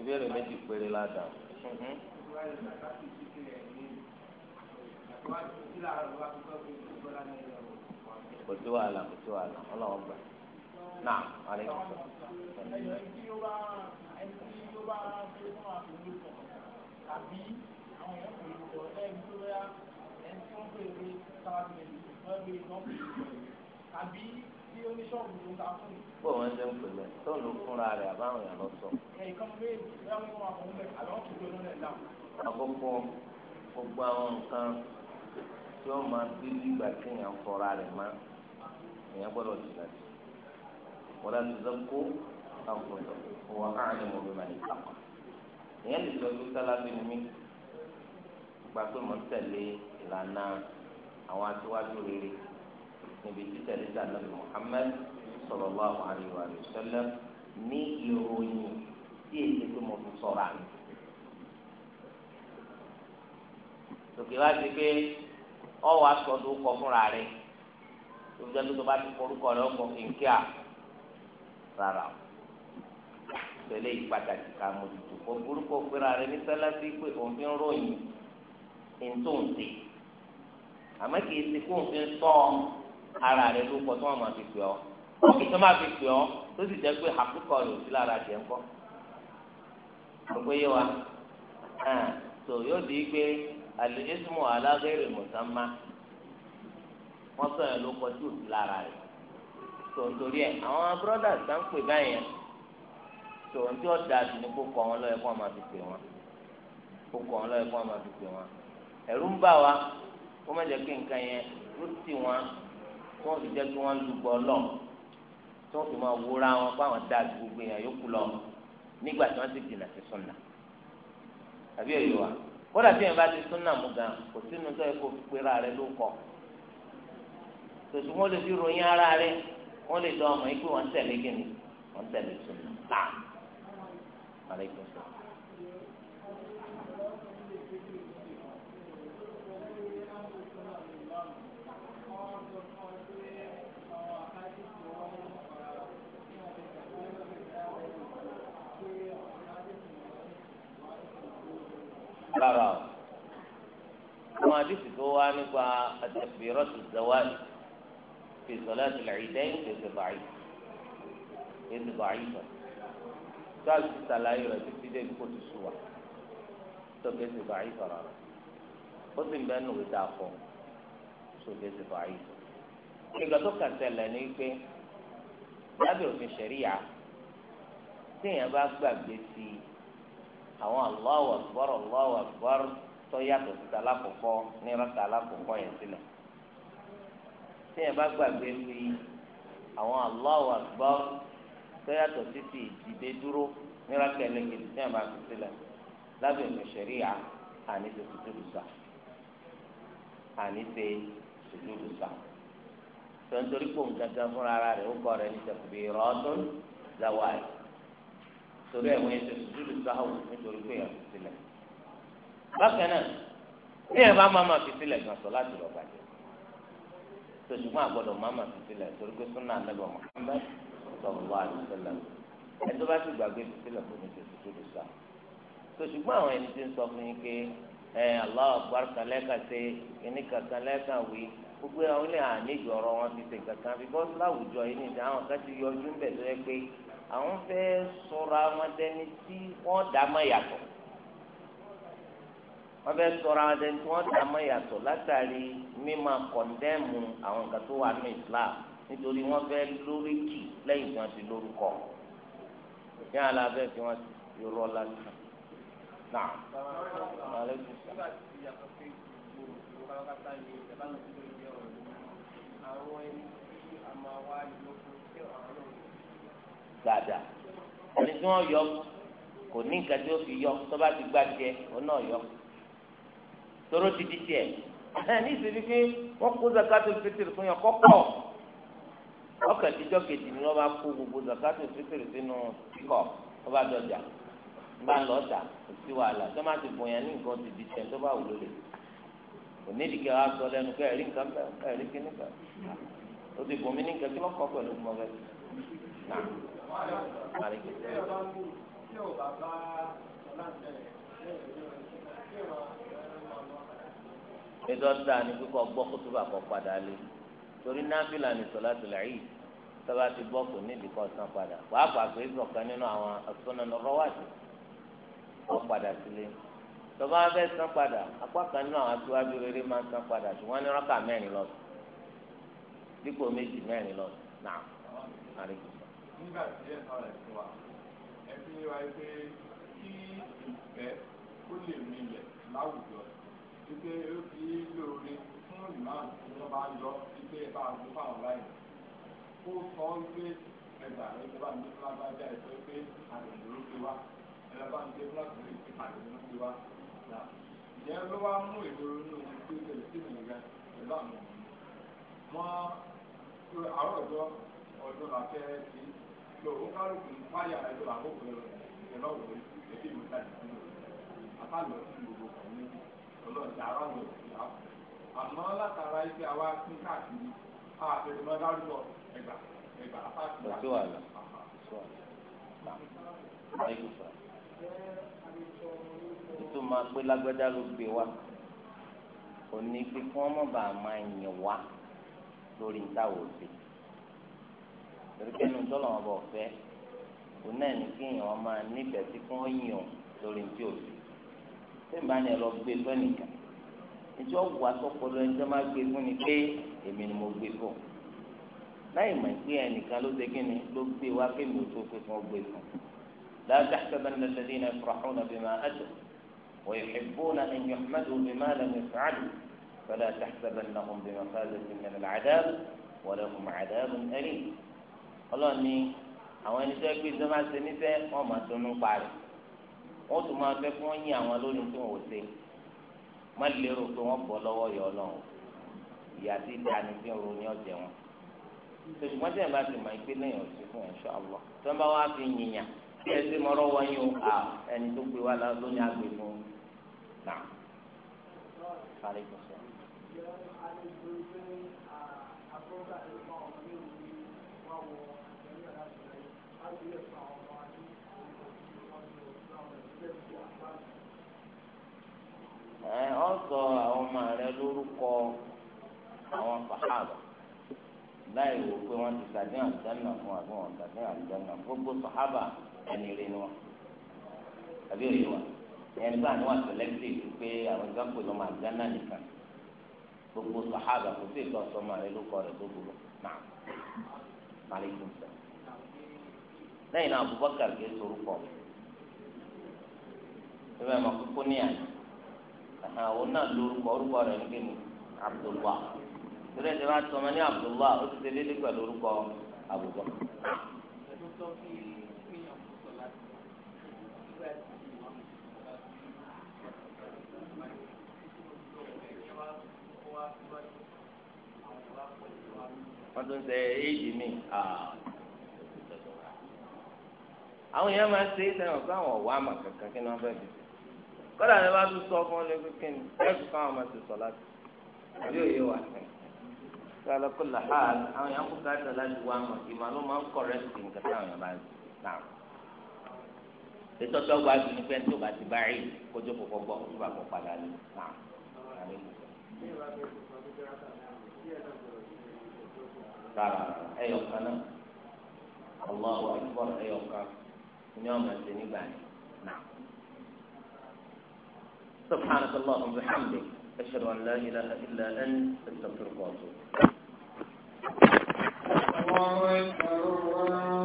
ìbéèrè méjì péré ládàá. kò sí wàhálà kò sí wàhálà ọlọ́wọ́ gbà náà wàhálà kò sí àbí bó wọn ṣe ń pè mẹ tó ló fúnra rẹ àbáwọn yàrá sọ. àkókò gbogbo àwọn nǹkan tí wọn máa bí ìgbà tí èèyàn fọra rẹ má èèyàn gbọ́dọ̀ jìnnà sí wọn láti sọ kó àǹfọ̀tọ̀ wọn àárín wọn bí màá nípa èèyàn lè sọ pé sálábí ni mí gba pé mo ń tẹ̀lé ìlànà àwọn aṣíwájú rere níbi títẹ̀lé sàlẹ̀ Muhammad sallallahu alaihi wa sallam ní ìròyìn tí èyí tó mo fi sọ̀rọ̀ àná. tòkè wá sí pé ọwọ́ asọ̀dọ̀ kọ fúnra rẹ̀ tó fi jẹ́ tó bá ti forúkọ rẹ̀ ọkọ̀ kínkíà rárá o tẹ̀lé ìpàtàkì ká mójútó kó burúkú fúnra rẹ̀ ní sálásí pé òun fi ń ròyìn ní tó ń àmọ́ kì í ti kó fi ń sọ ọ́ ara rẹ ló kọ tí wọ́n máa fi pè ọ́ ọkì tó máa fi pè ọ́ tó sì jẹ́ pé àkókò rẹ̀ ò sí lára jẹ́ ńkọ́ gbogbo yé wa tó yóò di pé àlè ismu alágẹ̀rẹ̀ mùsàmá wọ́n sọ yẹn ló kọ tí ò sí lára rẹ̀ tó nítorí ẹ̀ àwọn bírọ́dà sá ń pè báyìí yẹn tó ní tí ó sí ni kó kọ wọn lọ́yẹ̀ kó wọn máa fi pè wọn kó kọ wọn lọ́yẹ̀ kó wọn máa fi pè wọn ẹ̀rú ń bà wá kó má jẹ́ pé nǹkan yẹn ó tì wọn tó ń fi jẹ́ kí wọ́n lu gbọ́ lọ tó ń fi máa wúra wọn fún àwọn dáa gbogbo èèyàn yókù lọ nígbà tí wọ́n ti dìnnà sí súnà àbí èyí wa kódà tí èèyàn bá ti súnà mú gan kò sínú tó yẹ kó pera rẹ ló kọ tòṣù wọn lè fi ròyìn ara rẹ wọn lè dán ọmọ yìí pé wọn tẹ̀lé kíni wọn tẹ̀lé súnà náà. àwọn àdìsí tó wá nípa àtẹ̀fẹ̀rọ̀ tó zawali fi salati al-idayn ètò báyìí ètò báyìí sọ sáà ti sàlàyé rẹ̀ títí dé kó ti sùn wá tóbi ètò báyìí sọ̀rọ̀ rẹ̀ ó sì ń bẹ́ẹ̀ nù wíta fọ́ tóbi ètò báyìí sọ. ìgbà tó kà sẹlẹ̀ ni pé lábẹ́ òfin ṣẹ̀ríyà téèyàn bá gbàgbé sí àwọn Allahu akbar Allahu akbar tó yàtọ̀ síta lákòókò ní rákà lákòókò yẹn sílẹ̀ tí yẹn bá gbàgbé fi àwọn Allahu Akbar tó yàtọ̀ sí ti ìdìde dúró ní rákà ẹlẹ́gẹ̀dì tí yẹn bá fi sílẹ̀ lábẹ́ ìmọ̀ṣẹ̀rí à àní ti sùdúrù sà àní ti sùdúrù sà tontori kpom gangan fúnra ara rẹ̀ ó kọ́ rẹ̀ ní sẹ́kùbí rọ́ọ̀tún zawaayi torí ẹ̀ wọ́n yẹ sùdúrù sáwù bákan náà ní ẹ̀ bá máa ma fi sílẹ̀ gan sọ láti lọ bàjẹ́ sọ̀tùmọ́ àgbọ̀dọ̀ máa ma fi sílẹ̀ torí pé súnà ànábì Muhammad sallallahu alaihi wasallam ẹ̀ tó bá ti gbàgbé fi sílẹ̀ kò ní ṣe tuntun sá sọ̀tùmọ́ àwọn ẹni tí ń sọ fún yín pé ẹ Allahu akbar kàlẹ́kà ṣe ẹni kàkàlẹ́kà wí gbogbo àwọn ilé àníjọ ọ̀rọ̀ wọn ti ṣe kankan bí bọ́sù láwùjọ yìí nìjà àwọn kan ti yọjú ń bẹ̀ tó yẹ pé àwọn fẹ́ sọ̀rọ̀ àwọn dẹni tí wọ́n dá mọ́ yàtọ̀ wọ́n fẹ́ sọ̀rọ̀ àwọn ẹni tí wọ́n dá mọ́ ìyàtọ̀ látàrí mímọ kọ̀ndẹ́mù àwọn nǹkan tó wà ní Islam nítorí wọ́n fẹ́ lóríkì lẹ́yìn tí wọ́n ti lórúkọ. ìyá alábẹ́ tí wọ́n ti rọ́ lásán. náà maaleykum salaam. dáadáa ẹni tí wọ́n yọ kò ní nǹkan tí ó fi yọ tó bá ti gbá tiẹ̀ òun náà yọ tóró ti di tiẹ̀ ní ìsèlú pé wọ́n kó zakato fitiri fún yàn kọ́kọ́ ọkàn tíjọ́ kejì ni wọ́n bá kó gbogbo zakato fitiri sínú kíkọ́ wọ́n bá dọjà wọ́n bá lọ ọjà kò sí wàhálà tó má ní nǹkan ti di tiẹ̀ tó bá wù lólè kò wa sọ lẹ́nu pé ẹ̀rí nǹkan bẹ́ẹ̀ ẹ̀rí kíní kan ó ti bòmí ní nǹkan kí wọ́n kọ́ pẹ̀lú mọ́ bẹ́ẹ̀ náà má lè kí ètò ọ̀dà ni kíkọ́ gbọ́ kótóbà kọ́ padà lé torí náfìlà ní sọlá tó láyé sábà ti gbọ́ kò ní ìdíkọ́ san padà wàá pàgbé sọ̀kan nínú àwọn asọ́nà lọ́wọ́wàdì kọ́ padà sílé tọ́ba fẹ́ san padà apá kan nínú àwọn aṣíwájú rere máa san padà ṣùgbọ́n ní rákà mẹ́rin lọ dípò méjì mẹ́rin lọ náà àríkù. nígbà tí ẹ sọ rẹ fún wa ẹ fi wáyé pé kí ìfẹ́ kó lè wípé ó fi lóore fún ìmáàmù tí wọ́n bá yọ wípé bá a gbọ́ fáwọn láyé kó sọ wípé ẹgbà rẹ ti bá ní fúlágbájá ẹ sọ pé àgbẹ̀dẹ̀ ló fi wá ẹgbà bá ní fúlágbájá ẹ ti àgbẹ̀dẹ̀ ló fi wá ìyẹn ló wá mú ìlú inú tí ó tẹ̀lé sí ìlera pẹ̀lú àwọn ọmọ wọn àárọ̀ ọjọ́ ọdún làkẹ́ sí lò ó kálukú fáyà ẹjọ́ àkókò rẹ̀ ìrọ̀wọ̀ ètò ìmúta ìdílé àtàlọ́ sí gbogbo kan ní àárọ̀ ní òfin àwọn àmọ́ látara ife àwa tún káàkiri àbẹ̀rẹ̀ mọ́ dárúkọ ẹgbà ẹgbà apáàkì àti àlà. ìtumọ̀ pé lágbájá ló gbé wa òní pé kí wọ́n mọ̀ bá a máa yìn wá lórí ìtawọ̀ sí torí pé ẹnu bọ̀ fẹ́ òun náà ní kí èèyàn máa nífẹ̀ẹ́ sí kí wọ́n lórí ìtí òsì tí n bá ní ẹjọ́ wù asọ́pọ̀lọ ẹjọ́ máa gbé fún ni pé èmi ni mo gbé fún láì mọ̀ pé ẹnìkan ló ṣe kí ni ló gbé wá pé mi ò tó pé fún ó gbé fún láti àtẹ́bẹ́ ní lẹ́sẹ̀dí iná ìfọ̀rọ̀hún náà bí máa ẹ̀jọ̀ wọ́n yóò ṣe bó na ẹ̀yìn ọ̀hmẹ́dù bí máa lẹ́nu ìfọ̀rọ̀hún fẹ́lẹ́ àtẹ́bẹ́ náà kún bí máa fẹ́lẹ́ sí mẹ́rin àdáàbò wọ́n lè kún ẹ̀rí ọlọ́ọ̀ni àwọn ẹni tẹ́ gbé sọ́mà ṣe níṣẹ́ wọ́n máa má lérò pé wọ́n bọ́ lọ́wọ́ yọ ọlọ́run ìyá tí dání fi ń ronú ọ̀jẹ̀ wọn ṣùgbọ́n tí ẹ̀ bá ti mọ ìpínlẹ̀ yẹn sí fún ẹ̀ṣọ́ àlọ́ tí wọ́n bá wá fi yìnyà ẹ ṣe mọ́rọ́ wọ́nyí o à ẹni tó gbé wá lónìí àgbè fún un Thank you. ọ sọ àwọn ọmọ rẹ lórúkọ àwọn sàhábà láì wò pé wọ́n ti sàdé àlùjáná fún àbí wọ́n sàdé àlùjáná gbogbo sàhábà ẹni rẹ ni wọn àbí òye wa ẹni bá ní wà sẹlẹtìrì pé àwọn ìgbàgbọ́ lọ́mọ àlùjáná nìkan gbogbo sàhábà kò sí ìtọ́ sọmọ rẹ lórúkọ rẹ tó gbogbo náà maaleykum sẹ lẹ́yìn náà Abubakar kì í sorúkọ ẹ bẹ mọ kókó níyànjú. àwọn náà lórúkọ orúkọ rẹ̀ ní abdulwa ní abdulwa ó ti ṣe orúkọ àbùkọ. wọ́n tún ṣe éèdì mi àwọn èèyàn máa ṣe é sẹ́wọ̀n fún àwọn kankan kí wọ́n fi ṣe. kọ́dà ni wọ́n á tún sọ fún ọ ní kíkín ẹ̀kú káwọn máa ti sọ láti àbí òye wà fún sálọ́kù làhán àwọn yàn kó káàtà láti wá mọ̀ ìmọ̀ ló máa ń kọ̀rẹ́tì nǹkan tí àwọn yàn bá ń nà. ìtọ́jú ọgbà àti ní pẹ́ńtì ọba ti bá rí kójú kò fọ́gbọ́ ìgbà kò padà ní nà. rárá ẹyọ kan náà Allahu akbar ẹyọ kan ní ọmọ ẹsẹ nígbà yẹn nà. سبحانك اللهم وبحمدك أشهد أن لا إله إلا أنت أستغفرك وأتوب الله أكبر